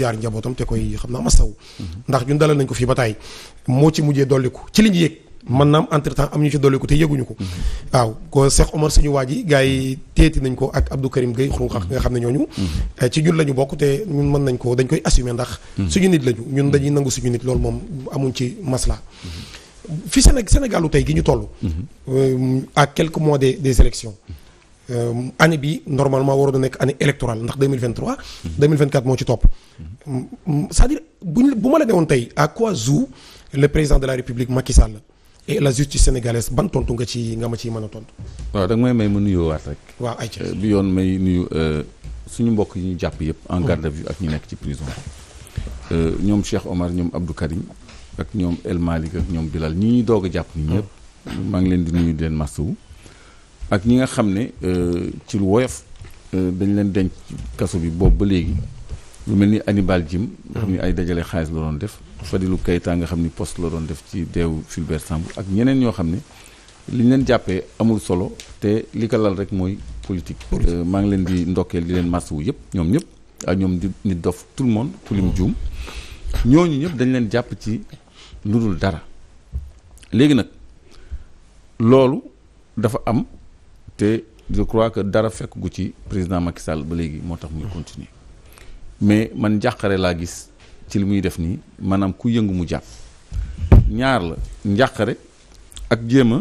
ziar njabootam te koy xam naa masaw ndax ñun dalal nañ ko fii ba taay moo ci mujjee dolliku ci liñ yëg man naam entre temps am ñu ci dolliku te ko ko Cheikh Omar suñu waa ji gars yi teeti nañ ko ak Abdou Karim Gueye xunqax nga xam ne ñooñu ci ñun la ñu bokk te mën nañ ko dañ koy assumer ndax suñu nit lañu ñun dañuy nangu suñu nit loolu moom amuñ ci masla fi Sénégal Sénégalu tey gi ñu toll ak mhm. euh, quelque mois de des élections Euh, année bi normalement waroon na nekk année électorale ndax 2023 2024 mhm. moo ci topp c'est-à-dire buñ bu ma la ne tey à quoi joue le président de la république Macky Sall et la justice sénégalaise ban tontu nga ci nga ma ci mën a tontu. waaw da may ma nuyoo waat rek. waaw ay euh, bi yoon may nuyu euh, suñu mbokk yi ñu jàpp yëpp. en garde à ak ñu nekk ci prison. ñoom Cheikh Omar ñoom Abdou Karim ak ñoom El Malick ak ñoom Bilal ñi ñuy doog jàpp nii ñëpp. Mm. maa ngi leen di nuyu di leen masawu. ak ñi nga xam ne euh, ci lu woyof euh, dañ leen denc kaso bi boobu ba léegi lu mel ni Hannibal Djim nga xam ni ay dajale xaalis la doon def Fadilou Keita nga xam ni poste la doon def ci deewu Fulbert Sambou ak ñeneen ñoo xam ne li ñu leen jàppee amul solo te li ko lal rek mooy politique euh, maa ngi leen di ndokkeel li leen masse wu yëpp ñoom ñëpp ak ñoom di nit dof tout le monde ku lim mm. juum ñooñu ñëpp dañ leen jàpp ci lu dul dara léegi nag loolu dafa am te je crois que dara fekk gu ci président Macky Sall ba léegi moo tax muy continuer mais man jàqare laa gis ci li muy def nii maanaam ku yëngu mu jàpp ñaar la njàqare ak jéem a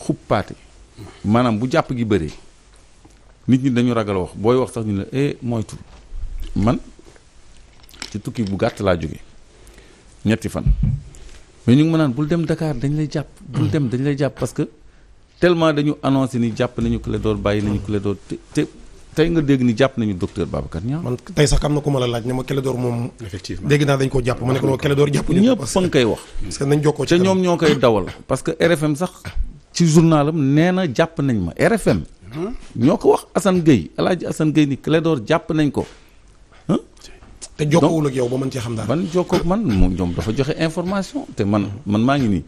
xuppaate maanaam bu jàpp gi bëree nit ñi dañu ragal wax booy wax sax ñu la eh moytu man ci tukki bu gàtt laa jóge ñetti fan mais ñu ma naan bul dem Dakar dañ lay jàpp bul dem dañ lay jàpp parce tellement dañu annoncé ni jàpp nañu Clédor bàyyi nañu Clédor te te tey nga dégg ni jàpp nañu docteur Babacar Niang. man tey sax am na ko ma la laaj ne ma Clédor moom. effectivement dégg naa dañ ko jàpp ma ne ko non Clédor jàpp nañu ko. ñëpp fa nga koy wax. parce que nañ jokkoo ci te ñoom ñoo koy nee na jàpp nañ ma RFM. ñoo ko wax Assane Gueye El Hadj Assane Gueye ni Clédor jàpp nañ ko. te jokkoowul ak yow ba man cee xam dara. ban jokkoo ak man moom ñoom dafa joxe information te man man maa ngi nii.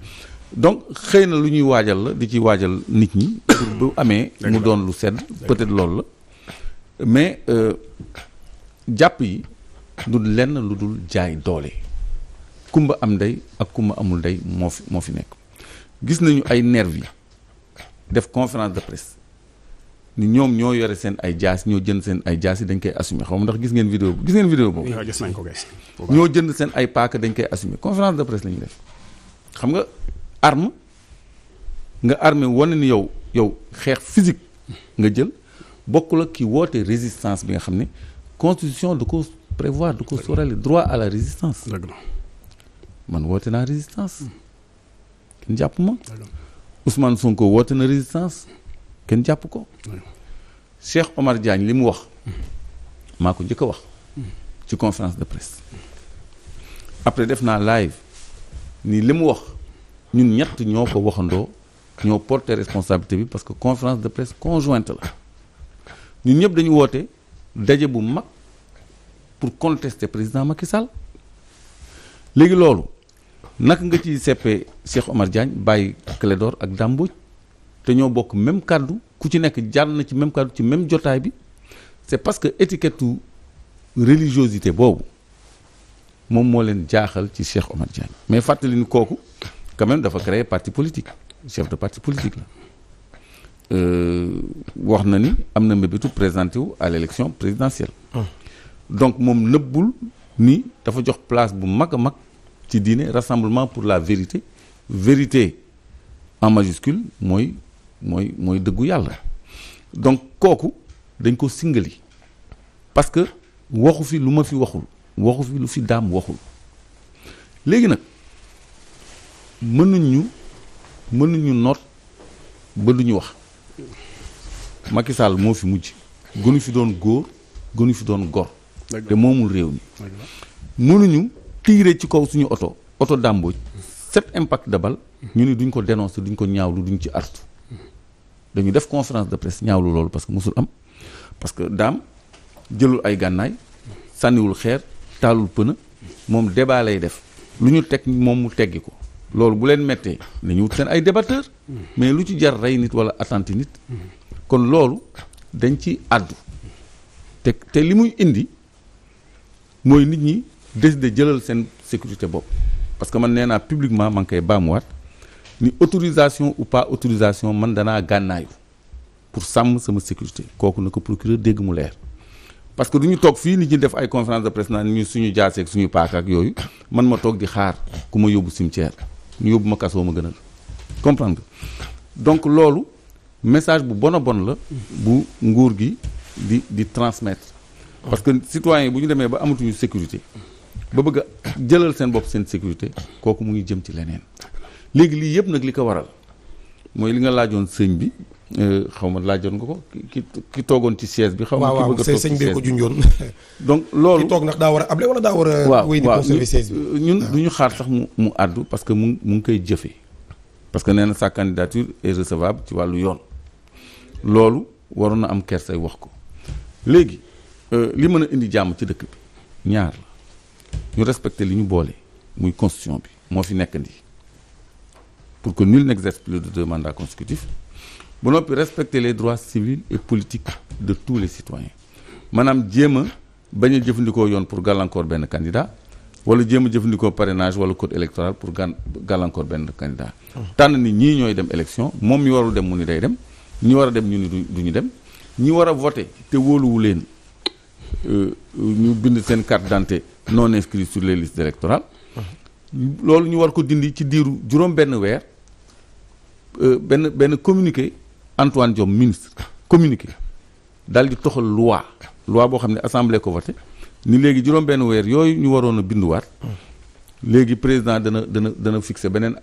donc xëy na lu ñuy waajal la di ci waajal nit ñi bu amee mu doon lu sedd peut-être loolu la mais euh, jàpp yi du lenn lu dul jaay doole kumba am ndey ak kumba amul ndey moo fi moo fi nekk gis nañu ay nervi yi def conférence de presse ni ñoom ñoo yore seen ay jaas ñoo jënd seen ay jaas yi dañ koy assumer xaw ma ndax gis ngeen vidéo gis ngeen vidéo boobu ñoo jënd seen ay paaka dañ koy assumer conférence de presse la ñu def xam nga arme nga armé wane ni yow yow xeex physique nga jël bokkul ak ki woote résistance bi nga xam ne constitution da ko prévoir da ko sorale droit à la résistance man woote naa résistance hmm. kenn jàpp ma Ousmane Sonko woote na résistance kenn jàpp ko Cheikh Omar Diagne li mu wax hmm. maa ko njëkk a wax hmm. ci conférence de presse après def naa live ni li mu wax ñun ñett ñoo ko waxandoo ñoo porté responsabilité bi parce que conférence de presse conjointe la ñun ñëpp dañu woote daje bu mag pour contester président Macky Sall léegi loolu naka nga ciy seppee Cheikh Omar Diagne bàyyi Clédor ak Damboj te ñoo bokk même kàddu ku ci nekk jàll na ci même kàddu ci même jotaay bi c'est parce que étiquette religiosité boobu moom moo leen jaaxal ci Cheikh Omar Diagne mais fàttali ni kooku quand même dafa créer parti politique chef de parti politique la euh, wax na ni am na mbébétu présenté wu à l' élection présidentielle. Hmm. donc moom nëbbul ni dafa jox place bu mag a mag ci diine rassemblement pour la vérité vérité en majuscule mooy mooy mooy dëggu yàlla donc kooku dañ ko singali parce que waxu fi lu ma fi waxul waxu fi lu fi daam waxul léegi nag. mënuñ ñu mënuñ ñu noot ba du ñu wax Macky Sall moo fi mujj gënu fi doon góor gënu fi doon gor te moomul réew mi mënuñu tiire ci kaw suñu oto oto dàmbooj cet impact de balle ñu ni duñ ko dénoncer duñ ko ñaawlu duñ ci artu dañu def conférence de presse ñaawlu loolu parce que mosul am parce que daam jëlul ay gànnaay sànniwul xeer taalul pëna moom débat lay def lu ñu teg moom mu teggi ko loolu bu leen méttee nañu wut seen ay débatteur mais lu ci jar rey nit wala attenti nit kon loolu dañ ci àddu te te li muy indi mooy nit ñi décider jëlal seen sécurité bopp parce que man nee naa publiquement man koy baamuwaat ni autorisation ou pas autorisation man danaa gànnaayu pour sàmm sama sécurité kooku na ko procureur dégg mu leer parce que du ñu toog fii nit ñi def ay conférence de presse naan ñu suñu jaaseeg suñu paaka ak yooyu man ma toog di xaar ku ma yóbbu cimetière ñu yóbbu ma kasoo ma gënal comprendre nga donc loolu message bu bon bon la bu nguur gi di di transmettre parce que citoyens bu ñu demee ba amatuñu sécurité ba bëgg a jëlal seen bopp seen sécurité kooku mu ngi jëm ci leneen léegi lii yëpp nag li ko waral mooy li nga laajoon sëñ bi Euh, xaw ma laajoon nga ko ki ki toogoon ci siège bi. xaw ma ki bëgg a toog sëñ bi ko junjoon. donc loolu ki toog ndax daa war a able wala daa war a. waaw wéy di conserver siège bi euh, ñun ah. du ñu xaar sax mu mu àddu parce que mu mu ngi koy jëfee. parce que nee na sa candidature est recevable ci wàllu yoon. loolu waroon na am kersay wax ko léegi euh, li mën a indi jàmm ci dëkk bi ñaar la ñu respecter li ñu boole muy constitution bi moo fi nekk nii pour que nul n'exerce plus de deux mandats consécutifs. bu noppi respecter les droits civils et politiques de tous les citoyens maanaam jéem a bañ a jëfandikoo yoon pour gàllankoor benn candidat wala jéem a jëfandikoo parrainage wala code électoral pour gan gàllankoor benn candidat. tànn ni ñii ñooy dem élection moom mi warul dem mu ni day dem ñu war a dem ñu ni du ñu dem ñi war a voter te wóoluwu leen euh, ñu bind seen carte d'identité non inscrit sur les listes électorales. loolu ñu war ko dindi ci diiru juróom benn weer euh, benn benn communiqué. Antoine Diome ministre communiqué dal di toxal loi loi boo xam ne assemblée ko voté ni léegi juróom-benn weer yooyu ñu waroon a binduwaat léegi président dana dana dana fixé beneen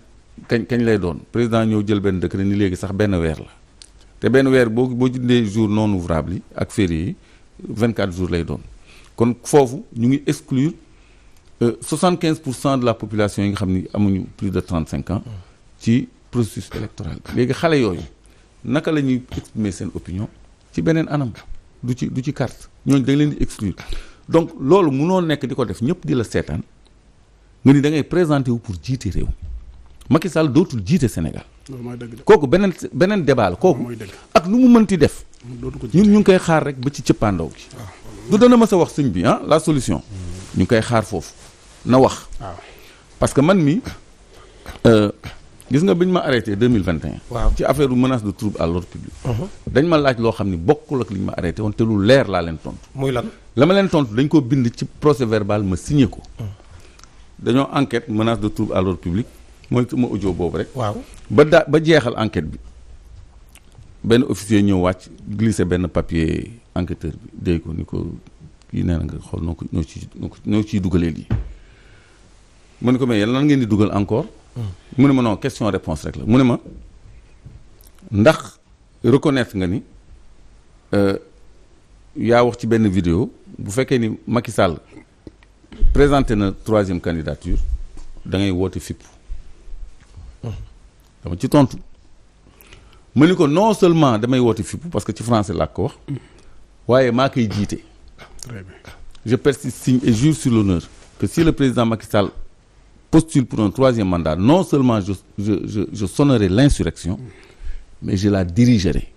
kañ kañ lay doon président ñëw jël benn décret ni léegi sax benn weer la te benn weer boo boo jëndee jour non ouvrable yi ak férié yi 24 jours lay doon kon foofu ñu ngi exclure 75 euh, pour cent de la population yi nga xam ni amuñu plus de 35 ans ci processus électoral léegi xale yooyu. naka la ñuy seen opinion ci beneen anam du ci du ci carte ñooñu da leen di exclure donc loolu munoo nekk di ko def ñëpp di la seetaan nga ni da ngay présenter wu pour jiite réew Macky Sall dootul jiite Sénégal. kooku beneen beneen débat la kooku. ak nu mu mënti def. ñun ñu ngi koy xaar rek ba ci cëppaandaw gi. Ah, du dana mës a wax sëñ bi ah la solution. Hmm. ñu ngi koy xaar foofu na wax. Ah. parce que man mi euh, gis nga bi ñu ma arrêté 2021. waaw ci affaire menace de trouble à l'ordre public. Uh-huh. dañ ma laaj loo xam ni bokkul ak li ñu ma arrêté woon te lu leer laa leen tontu. lan la ma leen tontu dañ ko bind ci procès verbal ma signé ko. Uh-huh. dañoo enquête menace de trouble à l'ordre public mooy ma audio boobu rek. waaw ba daa ba jeexal enquête bi benn officier ñëw wàcc glissé benn papier enquêteur bi déy ko ni ko kii nee na nga xool noo ko noo ciy noo ciy dugalee lii. mu ne ko mais yéen lan ngeen di dugal encore. mu ne ma non question réponse rek la mu ne ma ndax reconnaître nga ni euh, yaa wax ci benn vidéo bu fekkee ni Macky Sall présenté na troisième candidature da ngay woote fipp dama ci tontu ma ni ko non seulement damay woote fipp parce que ci français laa ko wax waaye maa koy jiite. je persiste signe et jure sur l'honneur que si le président Macky Sall postule pour un troisième mandat, non seulement je, je, je, je sonnerai l'insurrection, mais je la dirigerai.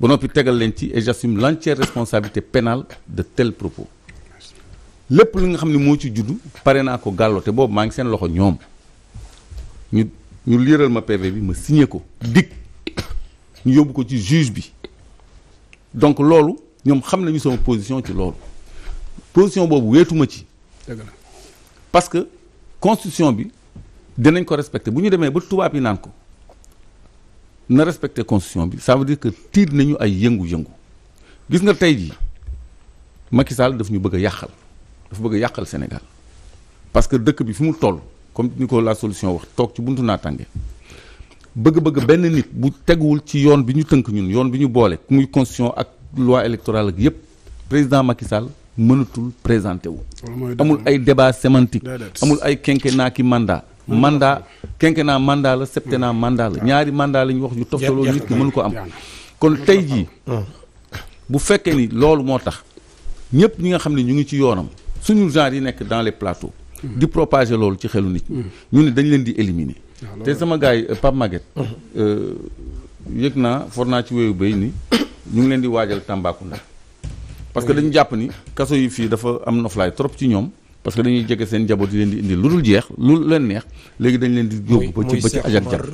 ba noppi tegal leen ci et j'assume l'entière responsabilité pénal de tels propos lépp lu nga xam ne moo ci juddu pare naa ko gàllo boobu maa ngi seen loxo ñoom ñu ñu liiral ma PV bi ma signé ko dig ñu yóbbu ko ci juge bi donc loolu ñoom xam nañu sama position ci loolu position boobu weetuma ci constitution bi dinañ ko respecté bu ñu demee ba tubaab yi naan ko na respecté constitution bi ça veut dire que tiit nañu ay yëngu-yëngu gis nga tey jii Macky Sall daf ñu bëgg a yàqal dafa bëgg yàqal Sénégal parce que dëkk bi fi mu toll comme ni ko la solution wax toog ci buntu naatànge bëgg-bëgg benn nit bu teguwul ci yoon bi ñu tënk ñun yoon bi ñu boole muy constitution ak loi électorale ak yépp président Macky Sall mënatul présenté wu. amul ay débat sémantique. amul ay quinquennat ki mandat. mandat naa mandat la septennat mandat la ñaari mandat la ñu wax yu toftaloo nit ki mënu ko am. kon tey jii. bu fekkee ni loolu moo tax ñëpp ñi nga xam ne ñu ngi ci yoonam suñu genre yi nekk dans les plateaux. Hmm. di propager loolu ci xelu nit hmm. ñu ne dañ leen di éliminer. te sama gars yi euh, Pape Maguette. Hmm. Euh, yëg naa for naa ci wéyu béy ni ñu ngi leen di waajal Tambacounda. parce que dañu jàpp ni kaso yi fii dafa am noflaay trop ci ñoom parce que dañuy jege seen njaboot yi leen di indi lu dul jeex lu leen neex léegi dañ leen di yóbbu ba ci ba ci ajak jàpp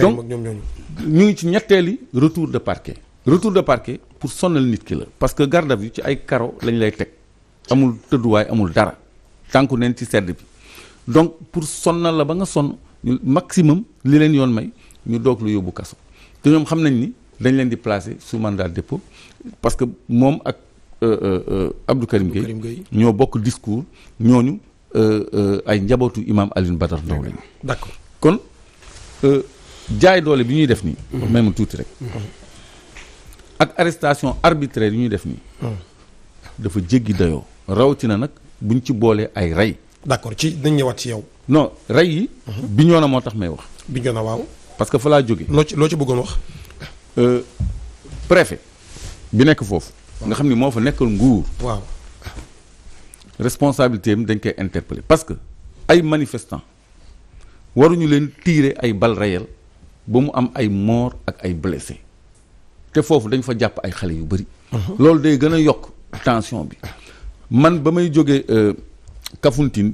donc ñu ngi ci ñetteeli retour de parquet retour de parquet pour sonal nit ki la parce que garde à vue ci ay karo lañ lay teg amul tëdduwaay amul dara tànku neen ci sedd bi donc pour sonnal la ba nga sonn maximum li leen yoon may ñu doog lu yóbbu kaso te ñoom xam nañ ni dañ leen di placer sous mandat de dépôt parce que moom ak Euh, euh, euh, Abdou Karim Gueye ñoo bokk discours ñooñu ay njabootu imam Alioune Badara Ndao lañu d'accord kon jaay doole bi ñuy def nii may mhm. ma tuuti rek mhm. ak arestation arbitraire yi ñuy def nii mhm. dafa jéggi dayoo rawatina nag buñ ci boolee ay rey d'accord ci dañ ñëwaat ci yow non rey yi bi na moo tax may wax bi na waaw parce que fa laa jóge loo ci loo ci bëggoon wax préfet bi nekk foofu nga xam ni moo fa nekkal nguur. waaw responsabilité am dañ koy interpeller parce que ay manifestants waruñu leen tirer ay balles réelles ba mu am ay moor ak ay blessés te foofu dañ fa jàpp ay xale yu bëri. Mhm. loolu day gën a yokk tension bi man ba may jógee euh, Kafountine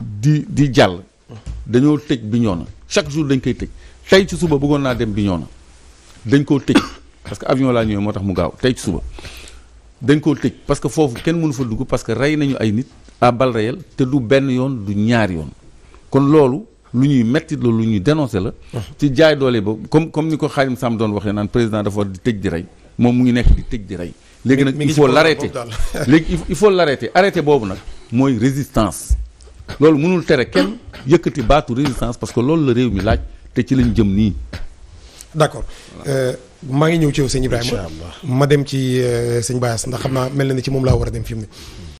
di di jàll. dañoo tëj Bignona chaque jour dañ koy tëj tey ci suba bëggoon naa dem Bignona dañ koo tëj. parce que avion laa ñëwee moo tax mu gaaw tey ci suba dañ koo tëj parce que foofu kenn mënu fa dugg parce que rey nañu ay nit à balles réelles te du benn yoon du ñaar yoon kon loolu lu ñuy metti la lu ñuy dénoncé la ah. ci jaay doole ba comme comme ni ko Xaadim Sam doon waxee naan président dafa war di tëj di rey moom mu ngi nekk di tëj di rey léegi nag il faut l'arrêter léegi il faut l'arrêter arrêter boobu nag mooy résistance loolu mënul tere kenn yëkkati baatu résistance parce que loolu la réew laaj te ci lañ jëm nii d'accord euh, maa ngi ñëw ci yow sëñ Ibrahima ma dem ci euh, sëñ Baas ndax xam naa mel na ni ci moom laa war a dem fi mu